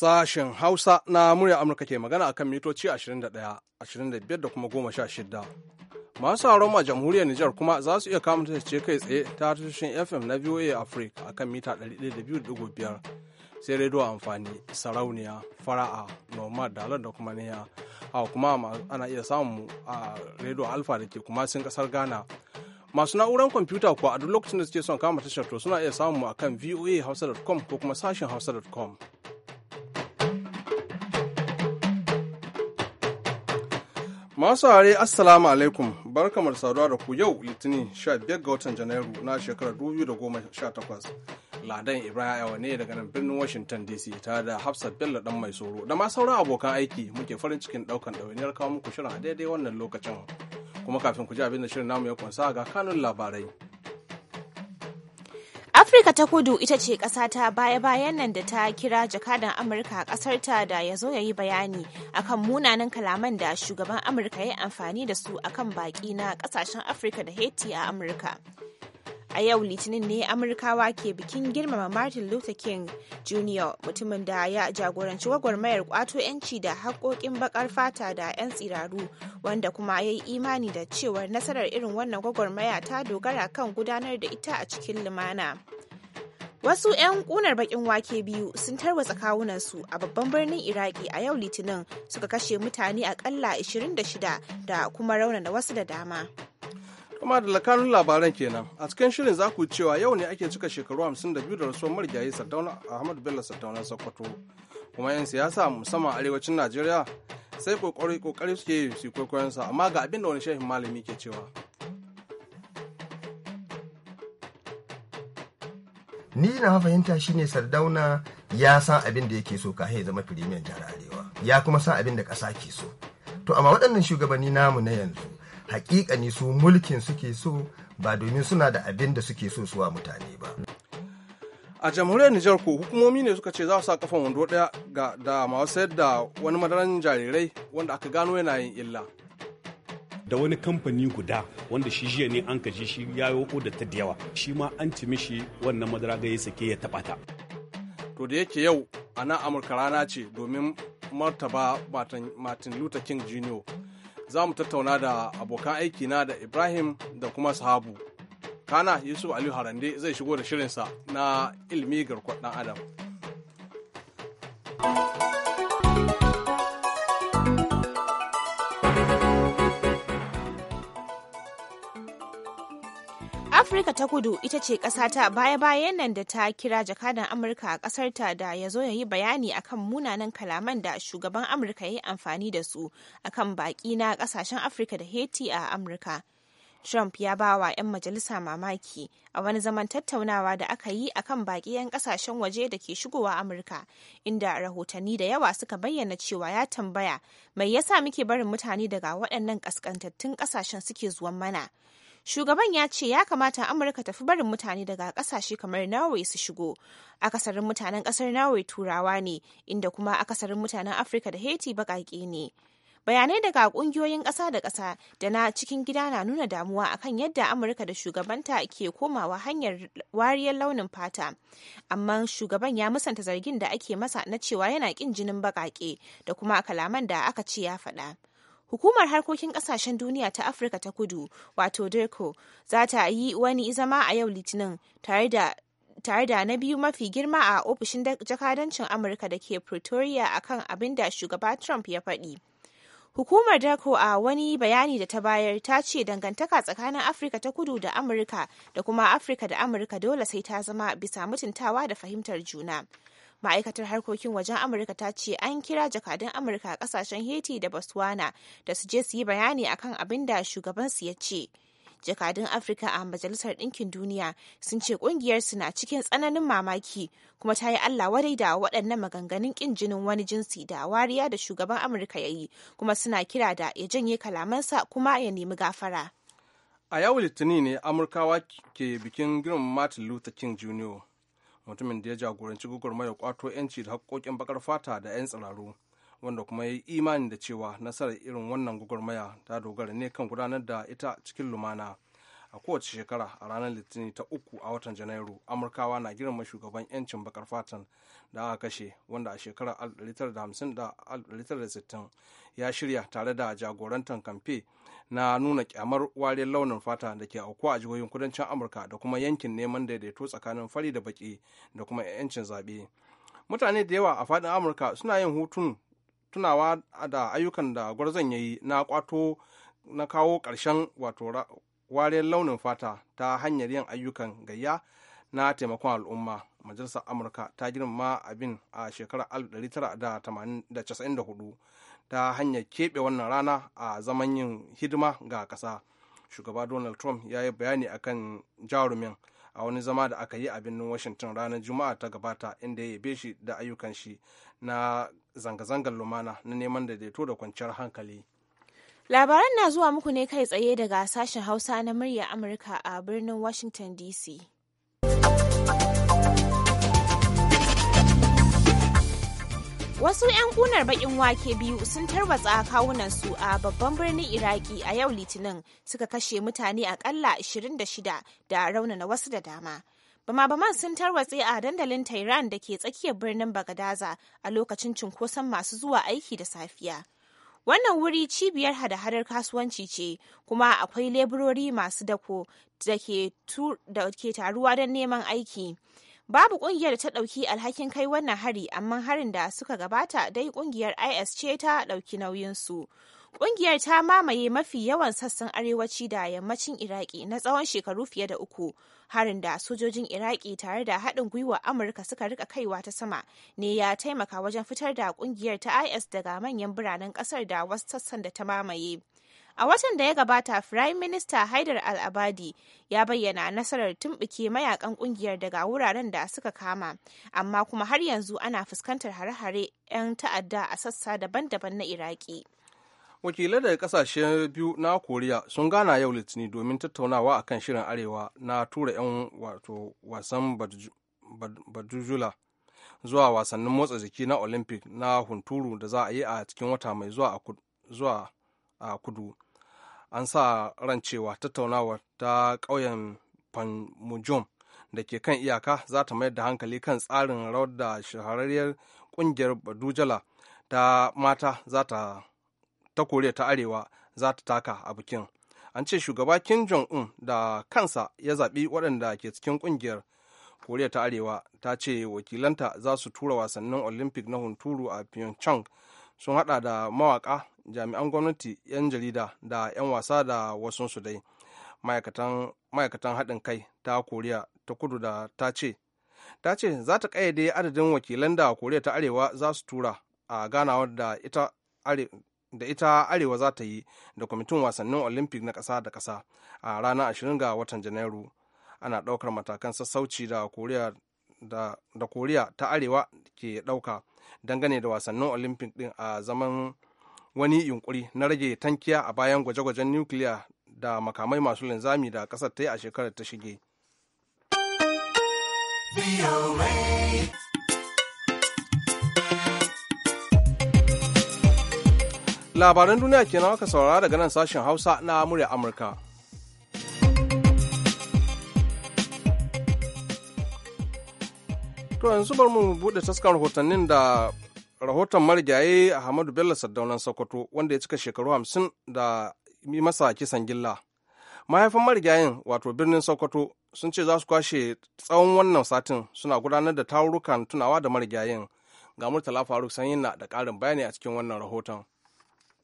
Sashen Hausa na murya Amurka ke magana a kan mitoci 21, 25 da kuma 16. Masu sauraron a jamhuriyar Nijar kuma za su iya kama ce kai tsaye ta tashoshin FM na VOA Africa a kan mita 102.5 sai radio amfani sarauniya fara'a nomad dalar da kuma niya a kuma ana iya samun a radio alfa da ke kuma sun kasar ghana masu na'urar kwamfuta kuwa a duk lokacin da suke son kama tashar to suna iya mu a kan voa hausa.com ko kuma sashen hausa.com Masu saurare Assalamu alaikum barkamar saduwa da ku yau Litinin 15 ga watan Janairu na shekarar 2018. Ladan Ibrahim Ayawa ne daga nan birnin Washington DC tare da Hafsat Bello dan mai soro da ma sauran abokan aiki muke farin cikin daukan ɗawainiyar kawo muku shirin a daidai wannan lokacin. Kuma kafin ku ji abin da shirin namu ya kunsa ga kanun labarai. Afirka ta kudu ita ce ƙasa ta baya-bayan nan da ta kira jakadan Amurka a ƙasarta da ya zo ya yi bayani akan munanan kalaman da shugaban Amurka ya yi amfani da su akan baƙi na ƙasashen Afirka da Haiti a Amurka. A yau Litinin ne Amurkawa ke bikin girmama Martin Luther King Jr. mutumin da ya jagoranci gwagwarmayar kwato 'yanci da haƙoƙin baƙar fata da 'yan tsiraru wanda kuma ya yi imani da cewar nasarar irin wannan gwagwarmaya ta dogara kan gudanar da ita a cikin lumana. Wasu 'yan kunar bakin wake biyu sun tarwatsa kawunansu a babban birnin Iraki a yau Litinin suka kashe mutane akalla 26 da kuma rauna raunana wasu da dama. Kuma da lakanun labaran kenan a cikin shirin za ku cewa yau ne ake cika shekaru 52 da rasuwar marigayi Sardauna Ahmad Bello Sardauna Sokoto. Kuma 'yan siyasa musamman arewacin Najeriya sai kokari kokari suke yi su kwaikwayon amma ga abin da wani shehin malami ke cewa. ni na fahimta shine sardauna ya san abin da yake so kafin ya zama firimiyan jihar arewa ya kuma san abin da ƙasa ke so to amma waɗannan shugabanni namu na yanzu hakika ne su mulkin suke so ba domin suna da abin da suke so suwa mutane ba a jamhuriyar nijar ko hukumomi ne suka ce za su sa kafan wando ɗaya da masu sayar da wani madaran jarirai wanda aka gano yana yin illa da wani kamfani guda wanda shi jiya ne an kaji shi ya yi da ta yawa shi ma an ci mishi wannan madara ga ya sake ya taɓa ta. To da yake yau a nan Amurka rana ce domin martaba Martin Luther King Jr. Za mu tattauna da abokan aiki na da Ibrahim da kuma Sahabu. Kana Yusuf Aliyu Harande zai shigo da shirinsa na ilmi garkuwar Adam. afirka ta kudu ita ce ƙasa ta baya-bayan nan da ta kira jakadan amurka a ƙasarta da ya zo ya yi bayani akan munanan kalaman da shugaban amurka ya yi amfani da su akan baƙi na ƙasashen afirka da haiti a amurka trump ya ba wa 'yan majalisa mamaki a wani zaman tattaunawa da aka yi akan baƙi 'yan ƙasashen waje da ke shigowa amurka inda rahotanni da yawa suka bayyana cewa ya tambaya mai yasa muke barin mutane daga waɗannan ƙasƙantattun ƙasashen suke zuwan mana Shugaban ya ce ya kamata Amurka tafi barin mutane daga kasashe kamar Norway su shigo. Akasarin mutanen kasar Norway turawa ne, inda kuma akasarin mutanen Afirka da Haiti baƙaƙe ne. bayanai daga ƙungiyoyin ƙasa da ƙasa da na cikin gida na nuna damuwa akan yadda amurka da shugabanta ke komawa hanyar wariyar launin fata amma shugaban ya musanta zargin da ake masa na cewa yana ƙin jinin baƙaƙe da kuma kalaman da aka ce ya faɗa Hukumar harkokin kasashen duniya ta Afirka ta kudu, wato dirko za ta yi wani zama a yau Litinin tare da na biyu mafi girma a ofishin jakadancin amurka da ke pretoria kan abin da shugaba trump ya faɗi hukumar dako a wani bayani da ta bayar ta ce dangantaka tsakanin afirka ta kudu da amurka da kuma afirka da amurka dole sai ta zama bisa mutuntawa da fahimtar juna ma'aikatar harkokin wajen amurka ta ce an kira jakadun amurka a kasashen heti da botswana da su je su yi bayani akan abin da shugabansu ya ce jakadun afirka a majalisar ɗinkin duniya sun ce ƙungiyarsu na cikin tsananin mamaki kuma ta yi allah wadai da waɗannan maganganun ƙin jinin wani jinsi da wariya da shugaban amurka ya yi kuma suna kira da ya janye kalamansa kuma ya nemi gafara a yau litinin ne amurkawa ke bikin girmama martin luther king jr mutumin da ya jagoranci gwagwarmayar kwato 'yanci da haƙƙoƙin bakar fata da 'yan tsiraru wanda kuma ya yi imani da cewa nasarar irin wannan gugarmaya ta dogara ne kan gudanar da ita cikin lumana a kowace shekara a ranar litinin ta uku a watan janairu amurkawa na girma shugaban 'yancin bakar fatan da aka kashe wanda a shekarar 1950 da 1960 ya shirya tare da jagorantar kamfe na nuna kyamar wariyar launin fata da ke aukuwa a jihohin kudancin amurka da kuma yankin neman daidaito tsakanin fari da baki da kuma 'yancin zaɓe mutane da yawa a faɗin amurka suna yin hutun tunawa da ayyukan da gwarzon ya yi na kwato na kawo ƙarshen wato wariyar launin fata ta hanyar yin ayyukan gayya na taimakon al'umma majalisar amurka ta girma abin a shekarar 1994 ta hanyar keɓe wannan rana a zaman yin hidima ga ƙasa shugaba donald trump ya yi bayani akan jarumin a wani zama da aka yi a birnin washington ranar juma'a ta gabata inda ya yabe shi da ayyukan shi na zanga-zangar lumana na neman daidaito da kwanciyar hankali labaran na zuwa muku ne kai tsaye daga sashen hausa na murya amurka a birnin washington dc Wasu 'yan kunar bakin wake biyu sun tarwatsa su a babban birnin Iraki a yau Litinin suka kashe mutane akalla 26 da rauna na wasu da dama. Bama-baman sun tarwatse a dandalin Tehran da ke tsakiyar birnin Bagadaza a lokacin cunkoson masu zuwa aiki da safiya. Wannan wuri cibiyar hada-hadar kasuwanci ce, kuma akwai leburori masu dako da ke taruwa don neman aiki. Babu kungiyar da ta dauki alhakin kai wannan hari, amma harin da suka gabata dai kungiyar IS ce ta ɗauki nauyinsu. Kungiyar ta mamaye mafi yawan sassan arewaci da yammacin Iraki na tsawon shekaru fiye da uku. Harin da sojojin Iraki tare da haɗin gwiwa Amurka suka rika kaiwa ta sama ne ya taimaka wajen fitar da kungiyar ta IS daga manyan biranen ƙasar da wasu sassan da ta mamaye. A watan da ya gabata, Firayim Minista Haidar Al-Abadi ya bayyana nasarar tumbuke mayakan kungiyar daga wuraren da suka kama, amma kuma har yanzu ana fuskantar hare-hare 'yan ta'adda a sassa daban-daban na Iraki. wakilai daga kasashe biyu na koriya sun gana yau litini domin tattaunawa a kan shirin arewa na tura 'yan wato wasan badujula zuwa wasannin motsa jiki na olympic na hunturu da za a yi a cikin wata mai zuwa a kudu an sa ran cewa tattaunawar ta ƙauyen panmunjom da ke kan iyaka za ta mayar da hankali kan tsarin rawar da shahararriyar ƙungiyar badujala ta mata za ta ta koriya ta arewa za ta taka a bikin an ce shugaba kim jong-un da kansa ya zaɓi waɗanda ke cikin ƙungiyar koriya ta arewa ta ce wakilanta za su tura wasannin olympic na hunturu a pyeongchang sun haɗa da mawaka jami'an gwamnati 'yan jarida da 'yan wasa da wasu su dai ma'aikatan haɗin kai ta koriya ta kudu da ta ce ta ce za ta ƙayyade adadin wakilan da koriya ta arewa za su tura a ganawa da ita arewa za ta yi da kwamitin wasannin olympic na ƙasa da ƙasa a ranar 20 ga watan janairu ana ɗaukar matakan sassauci da koriya ta arewa ke ɗauka dangane da wasannin olympic ɗin a zaman wani yunkuri na rage tankiya a bayan gwaje-gwajen nukiliya da makamai masu linzami da kasar ta yi a shekarar ta shige. Labaran duniya kenan aka saurara daga nan sashen Hausa na murya Amurka. To yanzu bar mu buɗe taskar rahotannin da rahoton marigaye ahmadu bello sardaunan sokoto wanda ya cika shekaru hamsin da yi masa kisan gilla mahaifin marigayen wato birnin sokoto sun ce za su kwashe tsawon wannan satin suna gudanar da tarurrukan tunawa da marigayen ga murtala faruk sanyina da karin bayani a cikin wannan rahoton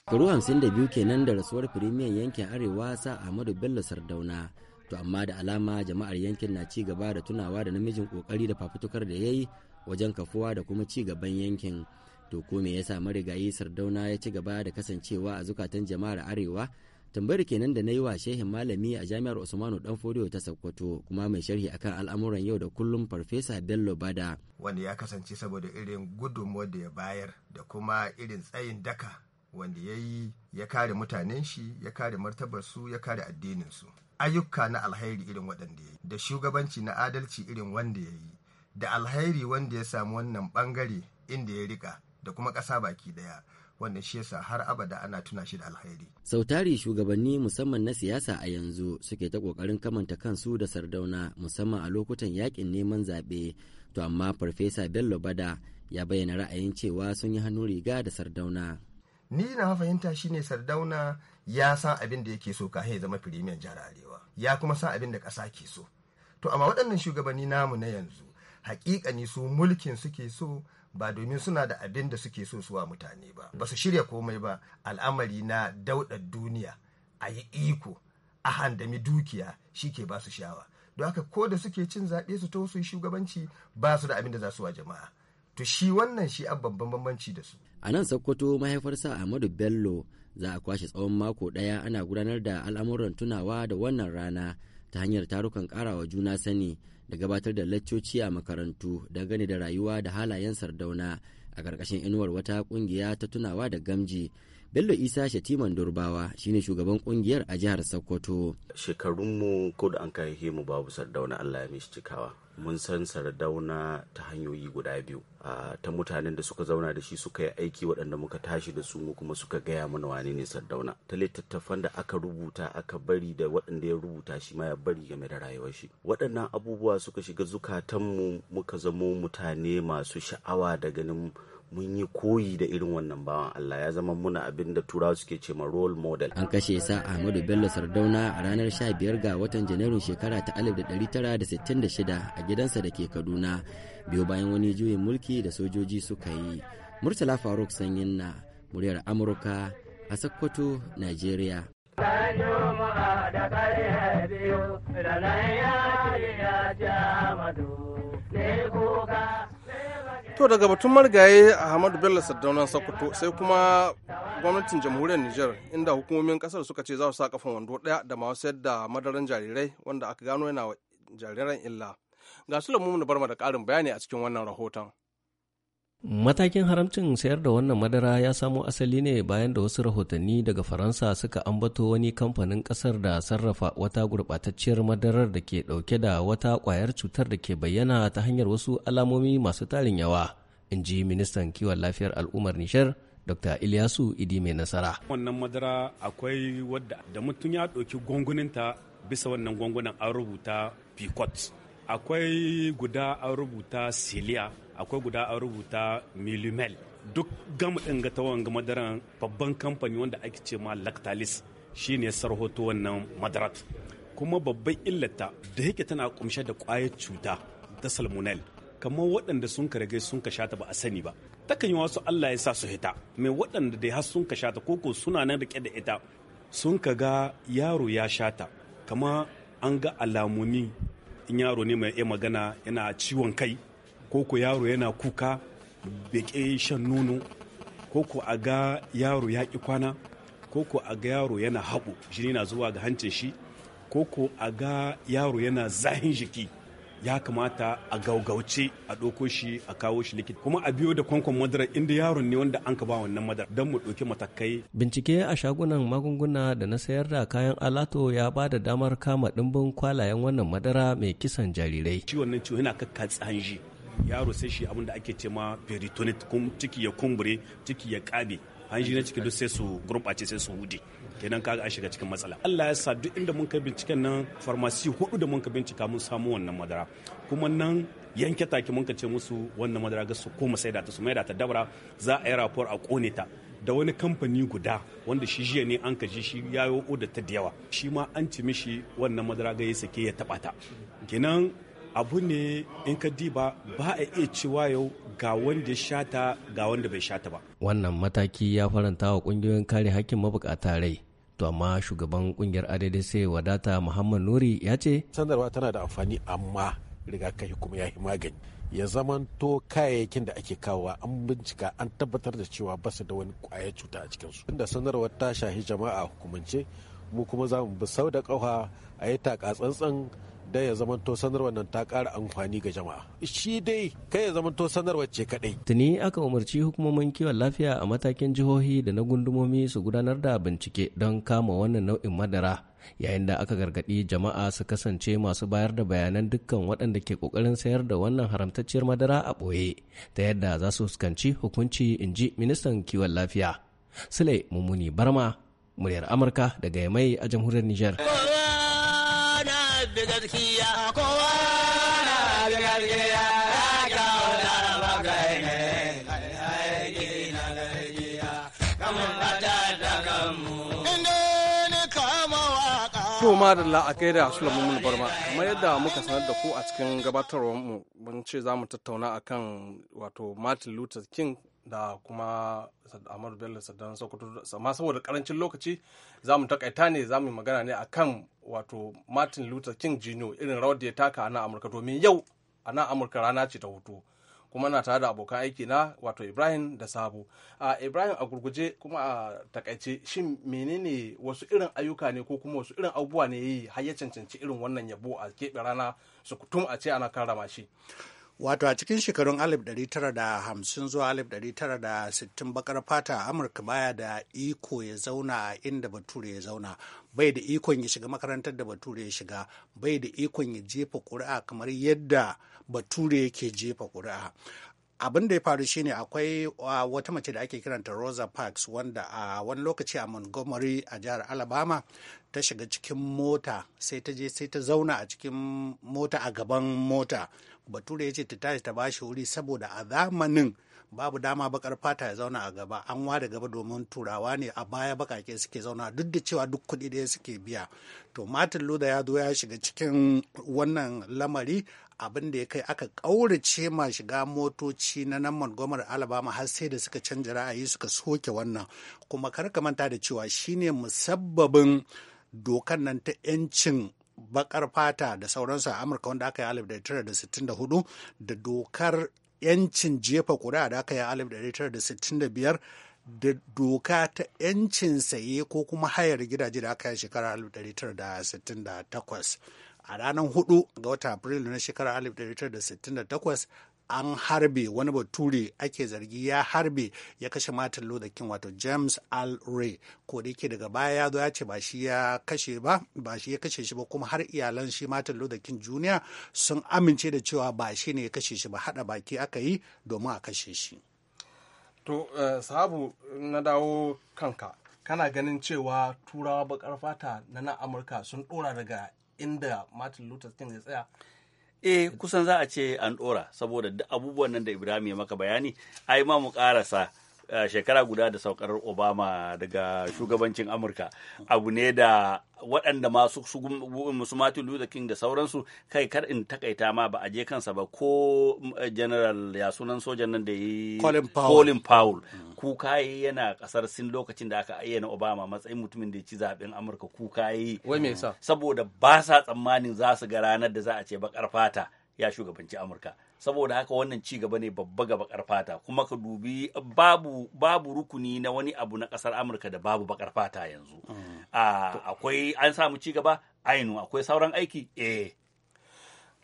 Shekaru hamsin da biyu kenan da rasuwar firimiyan yankin arewa sa Ahmadu Bello Sardauna. To amma da alama jama'ar yankin na ci gaba da tunawa da namijin kokari da fafutukar da ya yi wajen kafuwa da kuma ci gaban yankin. to ko me yasa marigayi sardauna ya ci gaba da kasancewa a zukatan jama'ar arewa tambayar kenan da na yi wa shehin malami a jami'ar usmanu dan fodiyo ta sokoto kuma mai sharhi akan al'amuran yau da kullum farfesa bello bada wanda ya kasance saboda irin gudunmuwar da ya bayar da kuma irin tsayin daka wanda ya yi ya kare mutanen shi ya kare martabar su ya kare addinin su ayyuka na alheri irin waɗanda ya yi da shugabanci na adalci irin wanda ya yi da alheri wanda ya samu wannan bangare inda ya rika da kuma ƙasa baki ɗaya wanda shi yasa har abada ana tuna shi da alheri. Sautari shugabanni musamman na siyasa a yanzu suke ta kokarin kamanta kansu da sardauna musamman a lokutan yakin neman zaɓe. To amma Farfesa Bello Bada ya bayyana ra'ayin cewa sun yi hannu riga da sardauna. Ni na fahimta shine sardauna ya san abin da yake so kafin ya zama firimiyan jihar Arewa. Ya kuma san abin da ƙasa ke so. To amma waɗannan shugabanni namu na yanzu hakikani su mulkin suke so ba domin suna da abin da suke so suwa mutane ba ba su shirya komai ba al'amari na daudar duniya a yi iko a handami dukiya shi ke ba su shawa don haka ko da suke cin zaɓe su to su yi shugabanci ba su da abin da za su wa jama'a to shi wannan shi a babban bambanci da su a nan sokoto mahaifarsa ahmadu bello za a kwashe tsawon mako ɗaya ana gudanar da al'amuran tunawa da wannan rana ta hanyar tarukan karawa juna sani da gabatar da laccoci a makarantu da dangane da rayuwa da halayen sardauna a ƙarƙashin inuwar wata ƙungiya ta tunawa da gamji bello isa shatiman durbawa shine shugaban ƙungiyar a jihar sokoto shekarunmu ko da an kai mu babu sardauna allah ya mishi cikawa mun san sardauna ta hanyoyi guda biyu ta mutanen da suka zauna da shi suka yi aiki waɗanda muka tashi da su kuma suka gaya mana wane ne sardauna ta littattafan da aka rubuta aka bari da waɗanda ya rubuta shi ma ya bari game da rayuwar shi waɗannan abubuwa suka shiga zukatanmu muka zamo mutane masu sha'awa da ganin mun yi koyi da irin wannan bawan Allah ya zama muna abin da turawa suke ce ma role model. An kashe sa Ahmadu Bello Sardauna a ranar 15 ga watan Janairun shekara ta 1966 a gidansa da ke Kaduna biyo bayan wani juyin mulki da sojoji suka yi. Murtala Faruk Sanyin na muryar Amurka a Sokoto, Najeriya. da To daga batun marigaye Ahmadu Bello sardaunan Sokoto sai kuma gwamnatin jamhuriyar Nijar inda hukumomin kasar suka ce za su sa kafan wando daya da masu sayar da madaran jarirai wanda aka gano yana wa jariran illa. Ga su mu da barma da ƙarin bayani a cikin wannan rahoton. Matakin haramcin sayar da wannan madara ya samo asali ne bayan da wasu rahotanni daga Faransa suka ambato wani kamfanin kasar da sarrafa wata gurbatacciyar madarar da ke ɗauke da wata ƙwayar cutar da ke bayyana ta hanyar wasu alamomi masu tarin yawa, in ji ministan kiwon lafiyar al'ummar Nishar Dr. Ilyasu Idi mai nasara. Wannan madara akwai wadda da mutum ya ɗauki gunguninta bisa wannan gwangunan an rubuta Picot. akwai guda an rubuta siliya akwai guda an rubuta milimel duk gamu ɗin ga tawon ga madaran babban kamfani wanda ake ce ma lactalis shine sarhoto wannan madarat kuma babban illata da yake tana kumshe da kwayar cuta ta salmonel kamar waɗanda sun ka sun ka shata ba a sani ba takan yi wasu Allah ya sa su hita mai waɗanda dai har sun ka shata ko suna nan rike da ita sun ka ga yaro ya shata kama an ga alamomi in yaro ne mai iya magana yana ciwon kai ko ko yaro yana kuka beke shan nono ko ko a ga yaro ya ƙi kwana ko ko a ga yaro yana haɓo jini na zuwa ga hancin shi ko ku a ga yaro yana zahin jiki ya kamata a gaugauce a ɗauko shi a kawo shi likita kuma a biyo da kwankwan madara inda yaron ne wanda an ka ba wannan madara don mu ɗauki matakai. Bincike a shagunan magunguna da na sayar da kayan alato ya ba da damar kama ɗimbin kwalayen wannan madara mai kisan jarirai. Ciwon nan ciwon yana kakka hanji yaro sai shi abin da ake ce ma peritonit ciki ya kumbure ciki ya kabe hanji na ciki duk sai su gurɓace sai su hude. kenan kaga an shiga cikin matsala Allah ya sa duk inda mun kai binciken nan farmasi hudu da mun ka bincika mun samu wannan madara kuma nan yanke take mun ka ce musu wannan madara ga su koma sai da ta su mai da ta dabara za a yi rapor a kone ta da wani kamfani guda wanda shi jiya ne an kaji shi ya yi oda ta da yawa shi ma an ci mishi wannan madara ga ya sake ya taba ta kenan abu ne in ka diba ba a iya cewa yau ga wanda ya shata ga wanda bai shata ba wannan mataki ya faranta wa kungiyoyin kare hakkin mabukata rai to amma shugaban kungiyar sai wadata muhammad nuri ya ce sanarwa tana da amfani amma rigakafi kuma ya yi magani ya zamanto kayayyakin da ake kawowa an bincika an tabbatar da cewa ba su da wani kwayar cuta a cikin su inda sanarwar ta shahi jama'a hukumance mu kuma za mu bi sau da kafa a yi taka tsantsan yadda ya to sanarwar nan ta kara amfani ga jama'a shi dai kai ya zamanto sanarwar ce kadai tuni aka umarci hukumomin kiwon lafiya a matakin jihohi da na gundumomi su gudanar da bincike don kama wannan nau'in madara yayin da aka gargaɗi jama'a su kasance masu bayar da bayanan dukkan waɗanda ke kokarin sayar da wannan haramtacciyar madara a ɓoye ta yadda za su fuskanci hukunci in ji ministan kiwon lafiya sule mummuni barma muryar amurka daga yamai a jamhuriyar niger bi gaskiya kowa na bi gaskiya ya kawo da bakai ne aiki na gaskiya kamun bata da kanmu sulamun barma kamar yadda muka sanar da ku a cikin gabatarwar mu mun ce za mu tattauna akan wato Martin Luther King da kuma Ahmadu Bello Sadan Sokoto amma saboda karancin lokaci za mu takaita ne za mu magana ne akan wato Martin Luther King Jr. irin rawar da ya taka a nan Amurka domin yau a nan Amurka rana ce ta hutu kuma na tare da abokan aiki na wato Ibrahim da sabu a Ibrahim a gurguje kuma a takaice shin menene wasu irin ayyuka ne ko kuma wasu irin abubuwa ne yayi har ya cancanci irin wannan yabo a keɓe rana su kutum a ce ana karrama shi wato a cikin shekarun 1950 zuwa 1960 bakar fata amurka baya da iko ya zauna inda bature ya zauna bai da ikon ya shiga makarantar da bature ya shiga bai da ikon ya jefa ƙuri'a kamar yadda bature yake jefa ƙuri'a abin da ya faru shine akwai wata mace da ake kiranta rosa parks wanda a wani lokaci a montgomery a jihar alabama ta shiga cikin mota sai ta je sai ta zauna a cikin mota a gaban mota bature ya ce ta tashi ta bashi wuri saboda a zamanin babu dama bakar fata ya zauna a gaba an ware gaba domin turawa ne a baya bakake suke zauna duk da cewa duk kuɗi ɗaya suke biya to martin luther ya zo ya shiga cikin wannan lamari abin da ya kai aka ƙaurace ma shiga motoci na nan montgomery alabama har sai da suka canza ra'ayi suka soke wannan kuma kar ka manta da cewa shine musabbabin dokan nan ta 'yancin bakar fata da sauransu a amurka wanda aka yi alif da 1964 da dokar yancin jefa kuri'a da aka yi alif da 1965 da doka ta 'yancin saye ko kuma hayar gidaje da aka yi shekarar 1968 a ranar hudu ga wata april na shekarar 1968 an harbe wani bature ake zargi ya harbe ya kashe Martin Luther King wato James Al Ray ko da yake daga baya ya zo ya ce ba shi ya kashe ba ba shi ya kashe shi ba kuma har iyalan shi Martin Luther King junior sun amince da cewa ba shi ne ya kashe shi ba hada baki aka yi domin a kashe shi. To eh, sahabu na dawo kanka kana ganin cewa turawa bakar fata na na Amurka sun dora daga inda Martin Luther King ya tsaya eh kusan za a ce an ɗora saboda abubuwan nan da ibrahim ya maka bayani ai ma mu ƙarasa shekara guda da saukar obama daga shugabancin amurka abu ne da waɗanda masu su martin luther king da sauransu kai kar in takaita ma ba a je kansa ba ko mm, general ya sunan sojan nan da yi colin powell mm. kuka yi yana kasar sin lokacin da aka ayyana obama matsayin mutumin da ya ci zaɓen amurka kuka yi saboda ba sa tsammanin za su ga ranar da za a ce bakar fata ya shugabanci amurka saboda haka wannan ci gaba ne babba ga bakar fata kuma ka dubi babu babu rukuni na wani abu na kasar amurka da babu bakar fata yanzu mm. akwai an samu ci gaba ainu akwai sauran aiki eh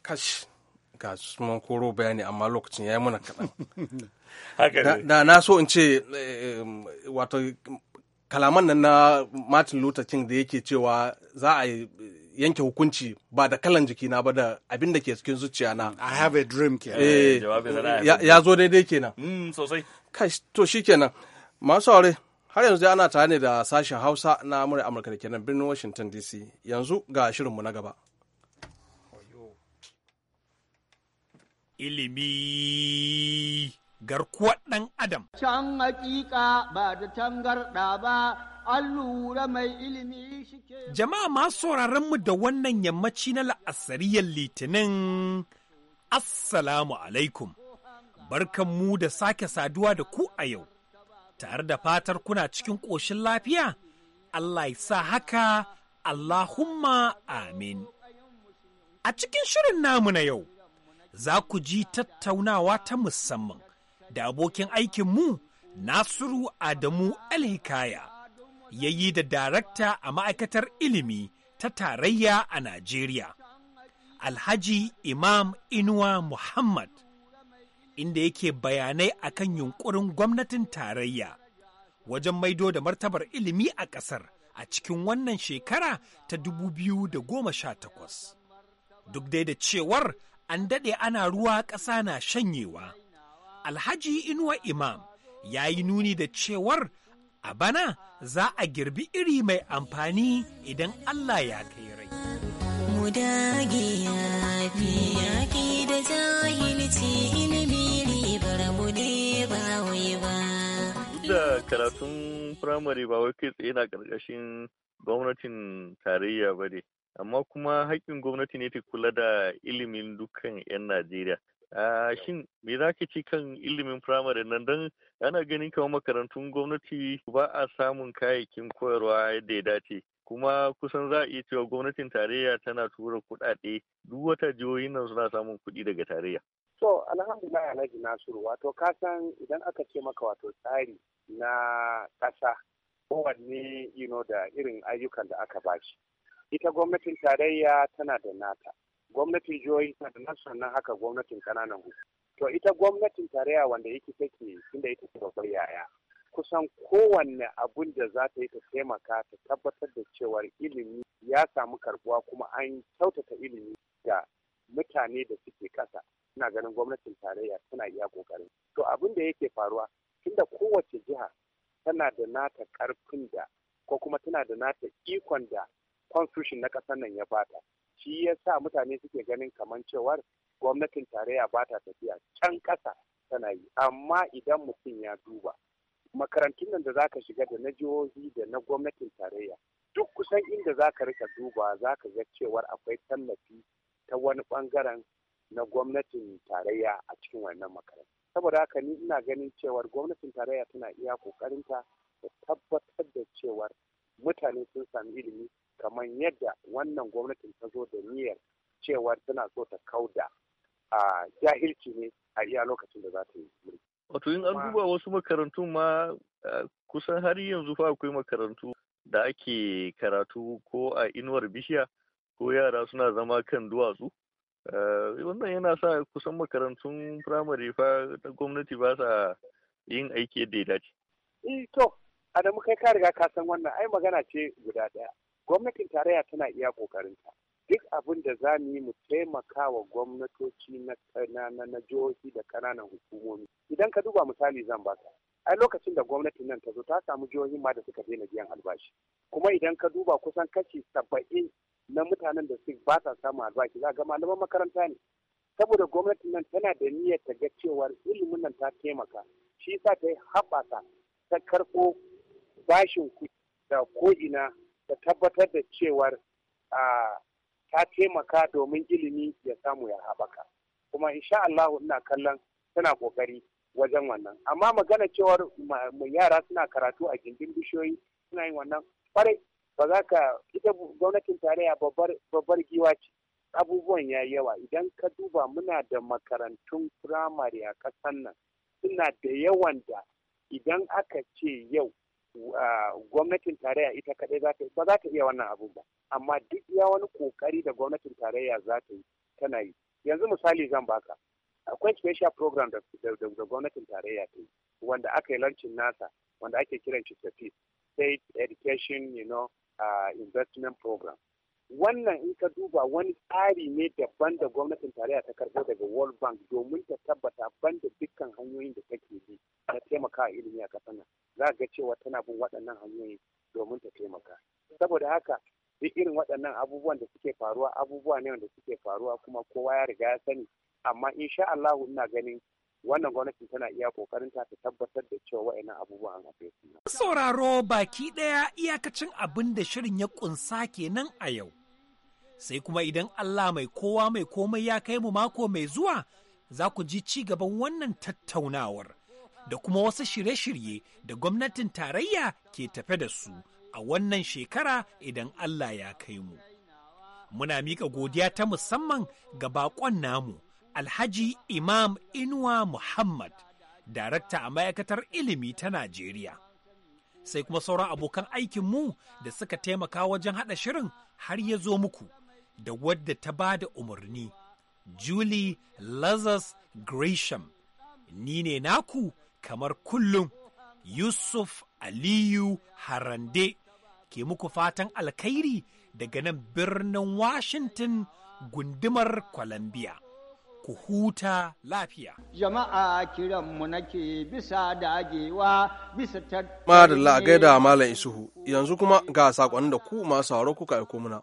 kash ga mun koro bayani amma lokacin ya yi mana kaɗan da na so in ce eh, wato kalaman nan na martin luther king da yake cewa za a yi yanke hukunci ba da kalan jikina ba da abin da ke cikin zuciya na. I have a dream ke. Eh, eh ya zo daidai kenan. Mm, sosai. Kai, to shi kenan. Masu aure, har yanzu ana tare ne da sashen Hausa na murya Amurka da kenan birnin Washington DC. Yanzu ga shirin mu na gaba. Ilimi garkuwar ɗan Adam. Can hakika ba da tangarɗa ba allura mai ilimi shi ke. Jama'a masu sauraron mu da wannan yammaci na la'asariyar litinin Assalamu alaikum. Barkan mu da sake saduwa da ku a yau, tare da fatar kuna cikin ƙoshin lafiya, Allah ya sa haka Allahumma amin. A cikin shirin namu na yau, za ku ji tattaunawa ta musamman da abokin aikin mu Nasiru Adamu Alhikaya. ya yi da darakta a ma'aikatar ilimi ta tarayya a Najeriya, Alhaji Imam Inuwa Muhammad, inda yake bayanai akan yunkurin gwamnatin tarayya wajen maido da martabar ilimi a ƙasar a cikin wannan shekara ta 2018. Duk dai da cewar an daɗe ana ruwa ƙasa na shanyewa. Alhaji Inuwa Imam ya yi nuni da cewar A bana za a girbi iri mai amfani idan Allah ya kai rai. Mu yaƙi da zahilci ilimi ribar mu ne ba wai ba. Da karatun firamare ba wai kai tsaye na ƙarƙashin gwamnatin tarayya ba ne. Amma kuma haƙƙin gwamnati ne ta kula da ilimin dukkan 'yan Najeriya. Ah, shin me za ki ci kan ilimin firamare nan don ana ganin kamar makarantun gwamnati ba a samun kayayyakin koyarwa yadda ya dace kuma kusan za a iya cewa gwamnatin tarayya tana tura kuɗaɗe duk wata jihohin nan suna samun kuɗi daga tarayya. So alhamdulillah Alhaji Nasiru wato ka san idan aka ce maka wato tsari na ƙasa kowanne you da irin ayyukan da aka bashi. Ita gwamnatin tarayya tana da nata gwamnatin jihohi sannan sannan haka gwamnatin kananan hukumar to ita gwamnatin tarayya wanda yake take tunda ita ce babbar yaya kusan kowanne abun da za ta yi ta taimaka ta tabbatar da cewar ilimi ya samu karbuwa kuma an kyautata ilimi da mutane da suke kasa ina ganin gwamnatin tarayya tana iya kokarin to abin da yake faruwa tunda kowace jiha tana da nata karfin da ko kuma tana da nata ikon da constitution na ƙasar nan ya bata shi ya sa mutane suke ganin kamar cewar gwamnatin tarayya ba ta tafiya can ƙasa tana yi amma idan mutum ya duba makarantun nan da zaka shiga da na jihohi da na gwamnatin tarayya duk kusan inda zaka rika duba zaka ga cewar akwai tallafi ta wani bangaren na gwamnatin tarayya a cikin wannan makarantu saboda haka ni ina ganin cewar gwamnatin tarayya tana iya kokarinta da tabbatar da cewar mutane sun sami ilimi kamar yadda wannan gwamnatin ta zo da niyyar cewa tana so ta kauda a jahilci ne a iya lokacin da za ta yi mulki. Wato in an duba wasu makarantu ma kusan har yanzu fa akwai makarantu da ake karatu ko a inuwar bishiya ko yara suna zama kan duwatsu. Wannan yana sa kusan makarantun firamare fa ta gwamnati ba sa yin aiki yadda ya dace. Eh, to, Adamu kai ka riga ka san wannan ai magana ce guda ɗaya. gwamnatin tarayya tana iya ƙoƙarinta duk abin da za mu yi mu taimaka wa gwamnatoci na jihohi da kananan hukumomi idan ka duba misali zan baka ai lokacin da gwamnatin nan ta zo ta samu jihohin ma da suka daina biyan albashi kuma idan ka duba kusan kashi saba'in na mutanen da su ba sa samun albashi za ga malaman makaranta ne saboda gwamnatin nan tana da niyyar ta ga cewar ilimin nan ta taimaka shi sa ta yi haɓaka ta karɓo bashin kuɗi da ko'ina ta tabbatar da cewar ta taimaka domin ilimi ya samu ya haɓaka kuma insha Allah ina kallon tana ƙoƙari wajen wannan amma magana cewar yara suna karatu a gindin bishiyoyi suna yin wannan kwarai ba za ka ita gwamnatin tarayya babbar giwa ce abubuwan ya yawa idan ka duba muna da makarantun firamare a ƙasar nan suna da yawan da idan aka ce yau gwamnatin tarayya ita kaɗai za ta ba za ta iya wannan abun ba amma duk ya wani kokari da gwamnatin tarayya za ta yi tana yi yanzu misali zan baka akwai special program da gwamnatin tarayya ta yi wanda aka yi lancin nasa wanda ake kiran shi tafi state education you know uh, investment program wannan in ka duba wani tsari ne daban da gwamnatin tarayya ta karɓo daga world bank domin ta tabbata banda dukkan hanyoyin da take bi na taimaka ilimi a kasar nan za ga cewa tana bin waɗannan hanyoyi domin ta taimaka saboda haka duk irin waɗannan abubuwan da suke faruwa abubuwa ne wanda suke faruwa kuma kowa ya riga ya sani amma insha Allahu ina ganin wannan gwamnati tana iya kokarin ta tabbatar da cewa wa'annan abubuwa an haɗe su. Sauraro baki ɗaya iyakacin abin da shirin ya kunsa kenan a yau. Sai kuma idan Allah mai kowa mai komai ya kai mu mako mai zuwa za ku ji ci gaban wannan tattaunawar. da kuma wasu shirye-shirye da gwamnatin tarayya ke tafe da su a wannan shekara idan Allah ya kai mu. Muna miƙa godiya ta musamman ga baƙon namu, Alhaji Imam Inuwa Muhammad, darakta a ma'aikatar ilimi ta Najeriya. Sai kuma sauran abokan aikinmu da suka taimaka wajen haɗa shirin har ya zo muku da wadda ta ba da umarni, Julie Lazarus Gresham. Ni ne naku kamar kullum Yusuf Aliyu Harande ke muku fatan alkhairi daga nan birnin Washington gundumar Columbia. Ku huta lafiya. Jama'a kiranmu nake bisa dagewa bisa ta. Madalla a gaida Malam Isuhu, yanzu kuma ga saƙon da ku masu sauro kuka aiko muna.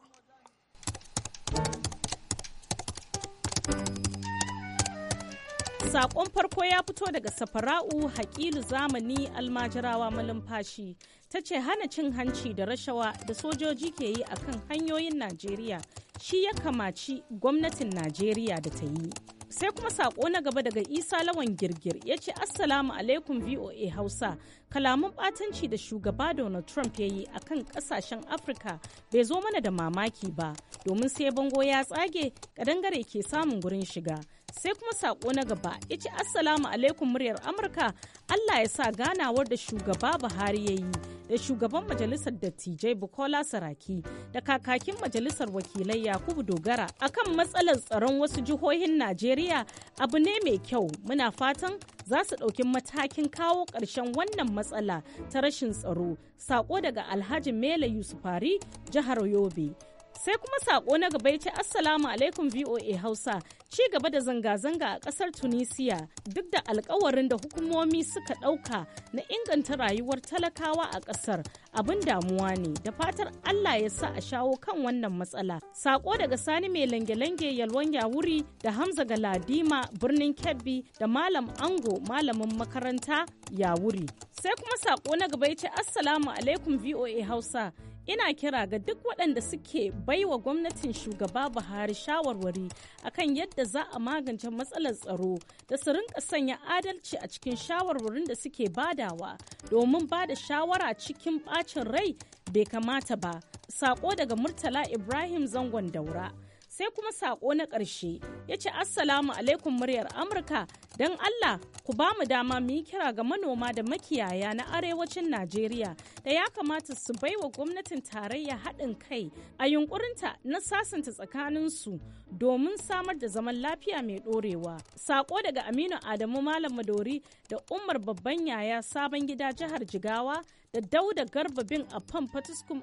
Sakon farko ya fito daga Safara'u haƙilu Zamani Almajirawa Malumfashi ta ce hana cin hanci da rashawa da sojoji ke yi akan hanyoyin Najeriya shi ya kamaci gwamnatin Najeriya da ta yi. sai kuma sako na gaba daga isa lawan girgir ya ce assalamu alaikum voa hausa kalamun batanci da shugaba donald trump ya yi a kan kasashen afirka bai zo mana da mamaki ba domin sai bango ya tsage kadangare ke samun gurin shiga sai kuma sako na gaba ice assalamu alaikum muryar amurka allah ya sa ganawar da shugaba buhari ya yi da shugaban majalisar dattijai bukola saraki da kakakin majalisar wakilai yakubu dogara akan matsalar tsaron wasu jihohin najeriya abu ne mai kyau muna fatan za su ɗauki matakin kawo ƙarshen wannan matsala ta rashin tsaro sako daga alhaji mele yusufari jihar yobe sai kuma sako na gaba ya ce assalamu alaikum voa hausa ci gaba da zanga-zanga a kasar tunisia duk da alkawarin da hukumomi suka ɗauka na inganta rayuwar talakawa a kasar abin damuwa ne da fatar allah ya sa a shawo kan wannan matsala sako daga sani mai lange-lange yalwan yawuri da hamza galadima birnin kebbi da malam ango malamin makaranta yawuri sai kuma sako na gaba ya ce assalamu alaikum voa hausa ina kira ga duk waɗanda suke baiwa gwamnatin shugaba buhari shawarwari akan yadda za a magance matsalar tsaro da su rinka sanya adalci a cikin shawarwarin da suke badawa domin ba da shawara cikin ɓacin rai bai kamata ba sako daga murtala ibrahim zangon daura sai kuma sako na ƙarshe ya ce assalamu alaikum muryar amurka don allah ku ba mu dama mu yi kira ga manoma da makiyaya na arewacin najeriya da ya kamata su bai wa gwamnatin tarayya haɗin kai a yunkurinta na sasanta tsakaninsu domin samar da zaman lafiya mai ɗorewa sako daga aminu adamu malam madori da umar babban yaya sabon gida jihar jigawa da dauda garba bin a fan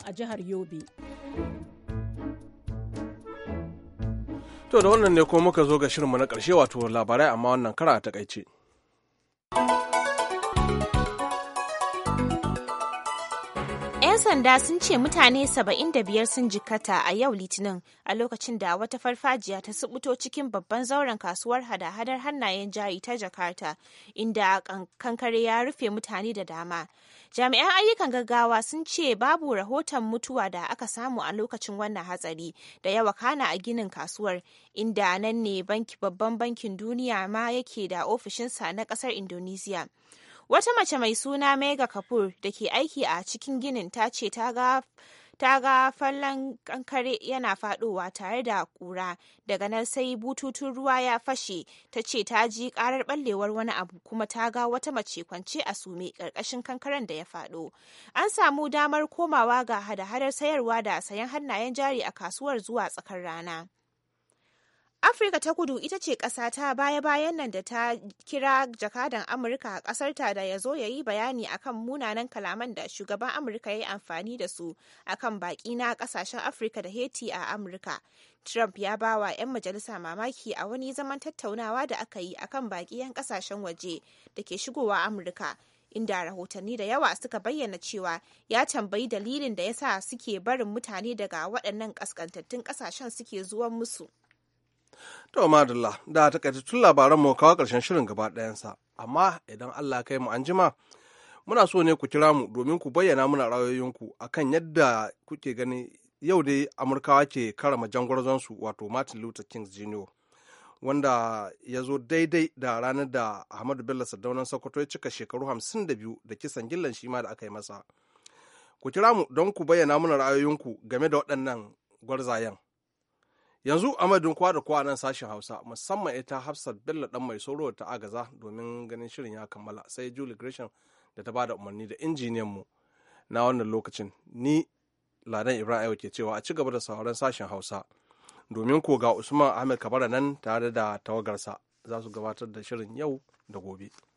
a jihar yobe To da wannan ne kuma muka zo ga shirinmu na ƙarshe wato labarai amma wannan kara a takaice. sanda sun ce mutane 75 sun jikata a yau litinin a lokacin da wata farfajiya ta subuto cikin babban zauren kasuwar hada-hadar hannayen jari ta jakarta inda kankare ya rufe mutane da dama jami'an ayyukan gaggawa sun ce babu rahoton mutuwa da aka samu a lokacin wannan hatsari da yawa kana a ginin kasuwar inda nan ne babban bankin duniya ma yake da ofishinsa na kasar indonesia Wata mace mai suna Mega Kapoor da ke aiki a cikin ginin ta ce ta ga ta fallon kankare yana fadowa tare da kura daga nan sai bututun ruwa ya fashe ta ce ta ji karar ballewar wani abu kuma ta ga wata mace kwance a sume karkashin kankaren da ya fado an samu damar komawa ga hada-hadar sayarwa da sayan hannayen jari a kasuwar zuwa tsakar rana Afirka ta kudu ita ce ƙasa ta baya-bayan nan da ta kira jakadan Amurka a ƙasarta da ya zo ya yi bayani akan munanan kalaman da shugaban Amurka ya yi amfani da su akan baƙi na ƙasashen Afirka da Haiti a Amurka. Trump ya ba wa 'yan majalisa mamaki a wani zaman tattaunawa da aka yi akan baƙi 'yan ƙasashen waje da ke shigowa Amurka. inda rahotanni da yawa suka bayyana cewa ya tambayi dalilin da ya sa suke barin mutane daga waɗannan ƙasƙantattun ƙasashen suke zuwan musu. To ma da takaitattun labaran mu kawo karshen shirin gaba ɗayansa amma idan Allah kai mu anjima muna so ne ku kira mu domin ku bayyana muna ra'ayoyinku akan yadda kuke gani yau dai Amurkawa ke karama jangwarzonsu wato Martin Luther King Jr. wanda ya zo daidai da ranar da Ahmadu Bello Sardaunan Sokoto ya cika shekaru 52 da kisan gillan shi ma da aka yi masa. Ku kira mu don ku bayyana muna ra'ayoyinku game da waɗannan gwarzayen. yanzu amadin kwa da kwa nan sashen hausa musamman ita hafsat bello dan mai sauro ta agaza domin ganin shirin ya kammala sai julie gresham da ta bada umarni da injiniyan mu na wannan lokacin ni ladan ibrahim ke cewa a ci gaba da sauran sashen hausa domin ko ga usman ahmed kabara nan tare da tawagarsa za su gabatar da shirin yau da gobe.